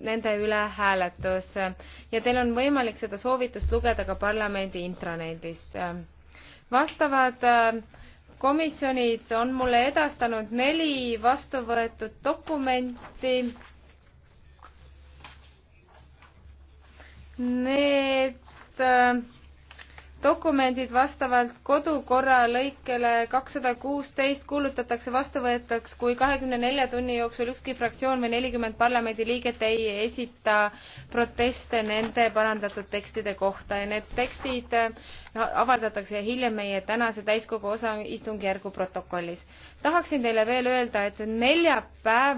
nende üle hääletus ja teil on võimalik seda soovitust lugeda ka parlamendi intranetist. vastavad äh, komisjonid on mulle edastanud neli vastu võetud dokumenti. Need äh, dokumendid vastavalt kodukorra lõikele kakssada kuusteist kuulutatakse vastuvõetaks, kui kahekümne nelja tunni jooksul ükski fraktsioon või nelikümmend parlamendiliiget ei esita proteste nende parandatud tekstide kohta ja need tekstid äh, avaldatakse hiljem meie tänase täiskogu osaistungjärgu protokollis. tahaksin teile veel öelda, et neljapäev